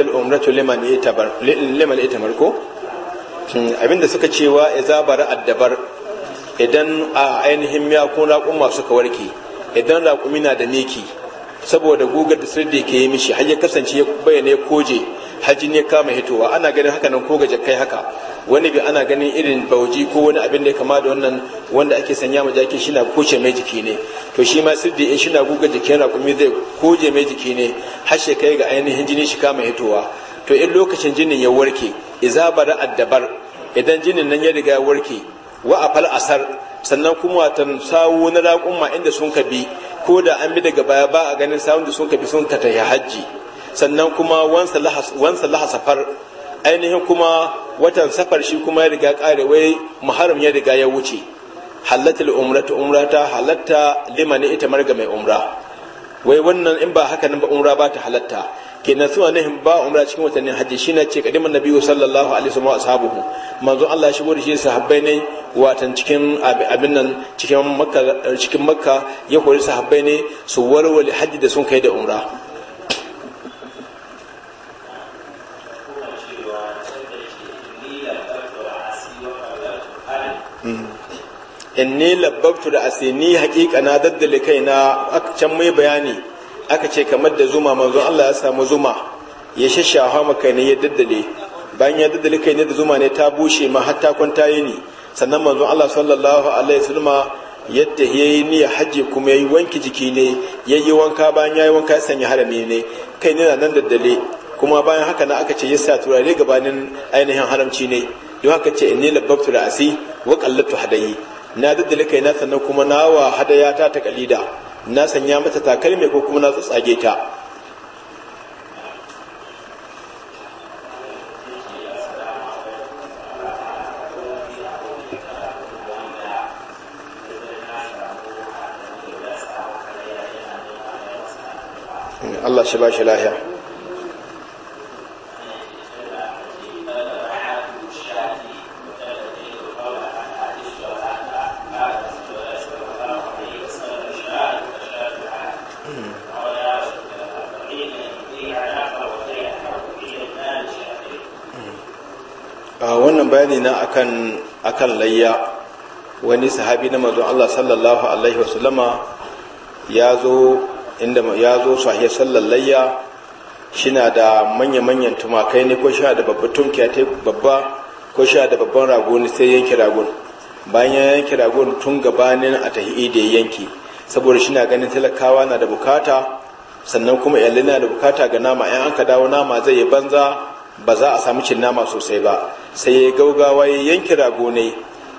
al umratu liman itabar liman itamar hmm, abinda suka cewa izabar addabar idan a ainihin ya ko kuma suka warke idan raƙumi na da miki saboda gugar da sirri ke yi mishi har ya kasance ya bayyana koje haji ne kama hitowa ana ganin haka nan ko gaje kai haka wani bi ana ganin irin bauji ko wani abin da ya kama da wannan wanda ake sanya ma jaki shi na koce mai jiki ne to shi ma sirdi in shi na guga jikin rakumi zai koje mai jiki ne har shi kai ga ainihin jini shi kama hitowa to in lokacin jinin ya warke iza bara addabar idan jinin nan ya riga ya warke wa afal asar sannan kuma watan sawo na raƙumma inda sun ka bi. ko da an bi daga baya ba a ganin sawun da sun ka bi sun ka tafi hajji sannan kuma wansa lahasafar ainihin kuma watan safar shi kuma ya riga kare wai muharram ya riga ya wuce halatta umrata umrata halatta liman ita marga mai umra wai wannan in ba haka nan ba umra ba ta halatta kenan suna nahin ba umra cikin watanni hajji shi na ce kadiman nabi sallallahu alaihi wa ashabuhu manzo Allah shi da shi sahabbai ne watan cikin abin nan cikin makka cikin makka ya kori sahabbai ne su warware hajji da sun kai da umra Mm. in ne labbabtu da ase ni hakika na daddale na aka can mai bayani aka ce kamar da zuma manzo Allah ya samu zuma ya shashaha maka ne ya daddale bayan ya daddale kai ne da zuma ne ta bushe ma har ta kwanta yi ni sannan manzo Allah sallallahu alaihi wasallama yadda ya yi niyyar hajji kuma ya yi wanki jiki ne ya yi wanka bayan ya yi wanka ya sanya harami ne kai ne na nan daddale kuma bayan haka na aka ce yasa turare gabanin ainihin haramci ne don haka ce babtu labbabtu asi wa kallatu hadayi na daddale kai na sannan kuma na wa hadaya ta ta kalida na sanya mata takalmi ko kuma na tsatsage ta Allah shi ba shi lahiya wannan bayani na akan akan layya wani sahabi na manzon Allah sallallahu alaihi wasallama ya zo inda ya zo sahiya sallar layya shina da manya-manyan tumakai ne ko sha da babba tunkiya ta babba ko sha da babban rago ne sai yanki ragon bayan ya yanki ragon tun gabanin a tahi'i da ya yanki saboda shina ganin talakawa na da bukata sannan kuma iyalai na da bukata ga nama in an ka dawo nama zai yi banza ba za a samu cin nama sosai ba sai ya gaugawa ya yanke rago ne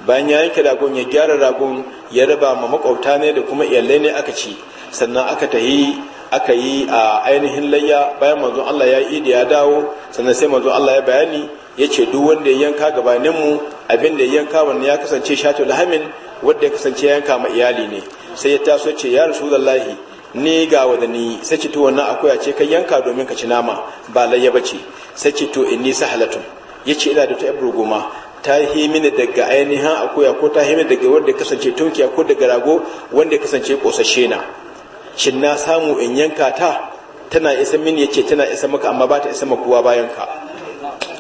bayan ya yanke ragon ya gyara ragon ya raba ma makwabta ne da kuma iyalai ne aka ci sannan aka tahi aka yi a ainihin layya bayan manzo Allah ya yi da ya dawo sannan sai manzo Allah ya bayani ya ce duk wanda ya yanka gabanin mu abin da ya yanka wannan ya kasance shatul hamin wanda ya kasance yanka ma iyali ne sai ya taso ce ya rasulullahi ni ga wadani sai ce to wannan akuya ce kai yanka domin ka ci nama ba layya bace sai ce to inni sahalatun yace ina da ta goma ta yi mini daga ainihin akuya ko ta yi mini daga wanda ya kasance tunkiya ko daga rago wanda ya kasance kosashe na shin na samu in yanka ta tana isa mini yace tana isa maka amma ba ta isa maka kowa bayan ka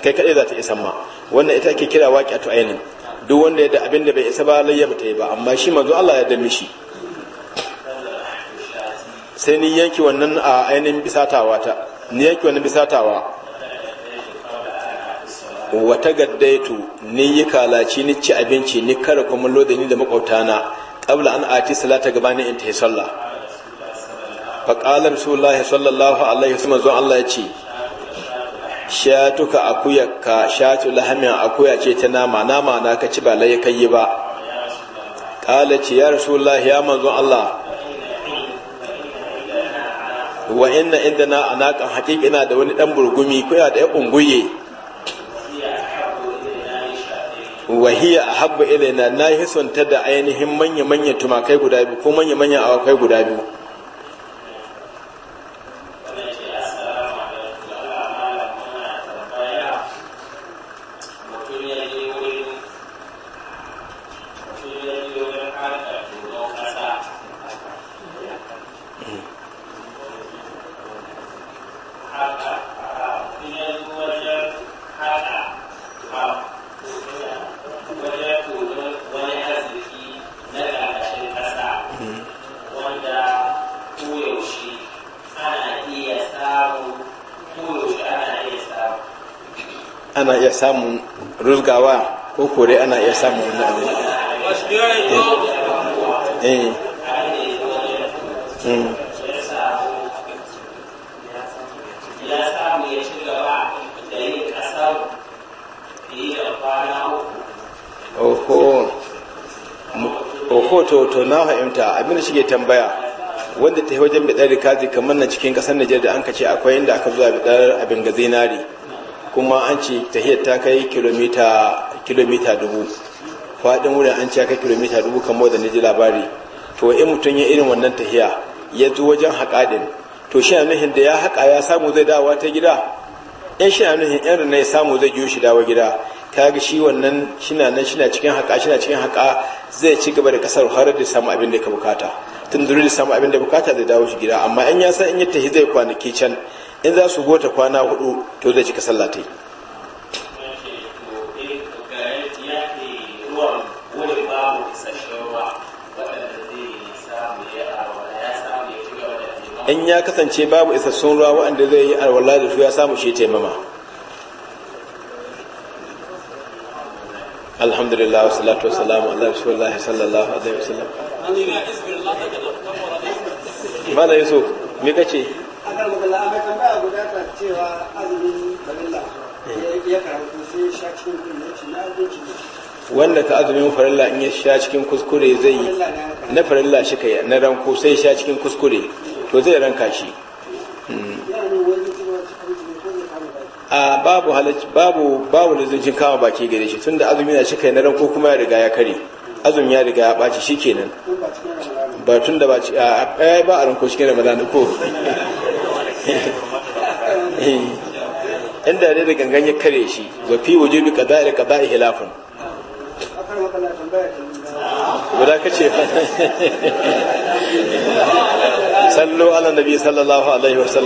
kai kadai za ta isa ma wannan ita ake kira waqi'atu ainihin duk wanda ya da abin da bai isa ba layya ba ta yi ba amma shi manzo Allah ya da shi. sai ni yanki wannan a ainihin bisatawa ta ni yanki wannan bisatawa wata gaddaitu ni yi kalaci ni ci abinci ni kare kumallo da ni da makwabtana qabla an ati salata gabanin in ta sallah fa qala rasulullahi sallallahu alaihi wasallam zo Allah ya ce shatuka akuyakka shatu lahamin akuya ce ta nama nama na ka ci ba lai kai ba qala ce ya rasulullahi ya manzon Allah wa inna inda na anakan hakika ina da wani dan burgumi ko da ya unguye wa hiya ahabbu ilaina na hisanta da ainihin manya manya tumakai guda biyu ko manya manya awakai guda biyu ana iya samun rusgawa ko kore ana iya samun wani abin eh. eh. hmm. oho to to na fahimta da shi ke tambaya wanda ta yi wajen bidar rikazi kamar na cikin kasar Nijar da an ce akwai inda aka zuwa bidar abin ga zinari kuma an ce tahiyar ta kai kilomita dubu faɗin wurin an ce kai kilomita dubu kamar da ji labari to in mutum ya irin wannan tahiya ya zo wajen haƙaɗin to shi nuhin da ya haƙa ya samu zai dawa ta gida in shi nuhin yan rana ya samu zai yiwu shi dawo gida Ta ga shi wannan shina nan shina cikin haƙa shina cikin haƙa zai ci gaba da kasar har da samu abin da ya bukata tun da samu abin da bukata zai dawo shi gida amma in ya san in ya tahi zai kwanaki can in za su gota kwana hudu to zai cika sallah ta yi in ya kasance babu isassun ruwa waɗanda zai yi alwala da su ya samu shi taimama alhamdulillah wasu salatu wasu salamu ala rasulullahi sallallahu alaihi wasallam mala yusuf me kace cewa azumin farilla ya sha cikin na wanda ka azumin farilla in ya sha cikin kuskure zai yi na farilla shi ka na ranko sai sha cikin kuskure to zai ranka shi a babu halacci babu babu lizuncin kama baki gare shi tunda azumi na shi kai na ranko kuma ya riga ya kare azumi ya riga ya baci shi kenan ba tun da ba a ba a ranko shi kenan ba ko Eh, inda dai da gangan ya kare shi wa fi waje wujubi qada'i qada'i hilafun guda kace sallu ala nabi sallallahu alaihi wasallam